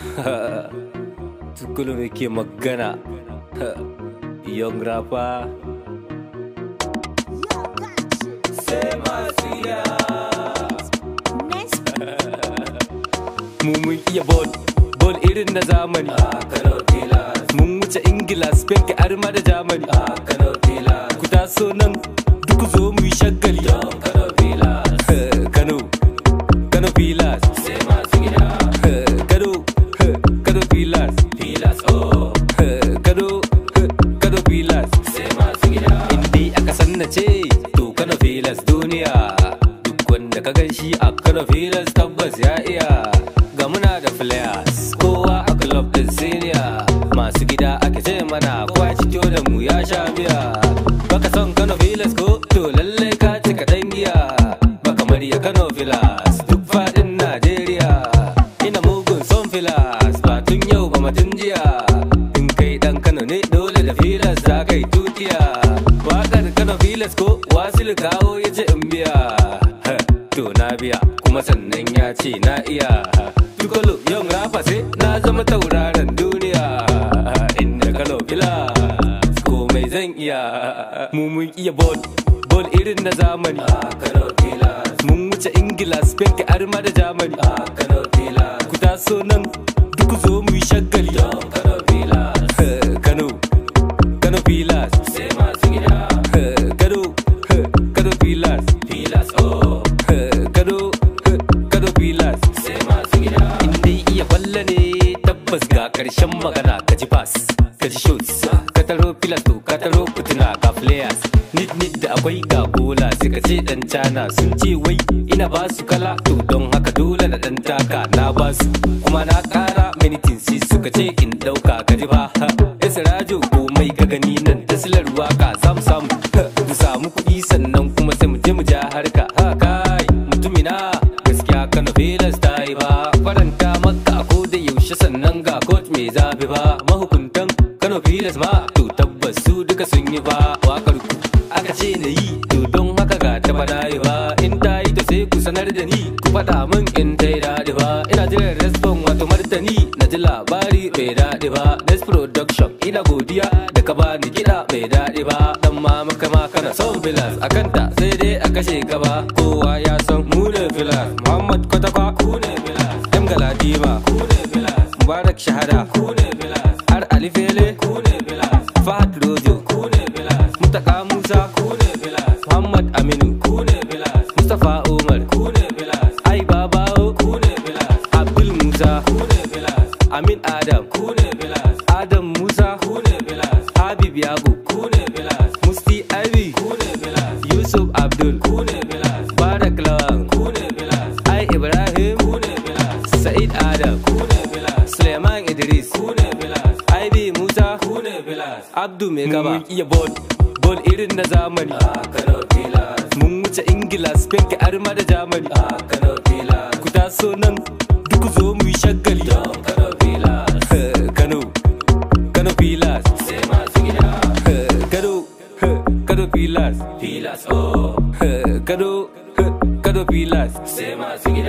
tukulu ne ke magana young rapper mun iya bol bol irin na zamani ah, mun wuce ingila spain ka arma da jamani ah, ku taso nan duk zo mu yi shagali Firas tabbas ya iya ga muna da players kowa a club din senior masu gida ake ce mana kwa cito da mu ya sha biya baka son Kano villas ko to lalle ka ka dan giya baka mariya Kano villas duk fadin nigeria ina mugun son villas ba tun yau ba matun jiya in kai dan Kano ne dole da villas za kai tutiya wakar Kano villas ko wasil kawo ya ce in biya to na biya kuma sannan ya ce na iya tukalo yau na fase na zama tauraron duniya inda kalo gila komai zan iya mu mun iya bol bol irin na zamani mun wuce ingila spain ka arma da jamani ku taso nan duk zo mu yi shagali tabbas ga karshen magana ka ji pass ka ji shots ka taro filato ka taro kutuna ga players nit nit da akwai ga bola sai ka ce dan cana sun ce wai ina ba su kala to don haka dole na dan taka na ba su kuma na kara minitin si suka ce in dauka ka ji ba ha rajo komai ka gani nan tasilar waka bi ba mahukuntan kano filas ma to tabbas su duka sun yi ba wakar ku aka ce na yi to don haka ga ta fada yi ba in ta yi ta sai ku sanar da ni ku faɗa min in ta yi daɗi ba ina jiran respon wato martani na ji labari bai daɗi ba next production ina godiya da ka bani kiɗa bai daɗi ba dan ma maka ma kana son filas akan ta sai dai a kashe ka kowa ya san mu ne filas muhammad kwatakwa ku ne filas yan galadima ku ne filas mubarak shahada ku ne Fahad Rojo ku Mutaka Musa kune ne Muhammad Aminu kune ne Bilas omar. kune ku ne Bilas Ai Babawo ku ne Bilas Abdul Musa ku ne Amin Adam kune ne Adam Musa kune ne Bilas Habib Yago ku ne Musti Abi kune ne Yusuf Abdul kune ne Bilas Barak Lawan kune. Ilyas Abdu mai gaba mun iya ball ball irin na zamani a Kano Pilas mun wuce Ingila Spain ka arma da Germany a Kano Pilas ku taso nan duk zo mu yi shagali Kano Pilas Kano Kano Pilas sai masu gida Kano Kano Pilas Pilas oh Kano Kano Pilas sai masu gida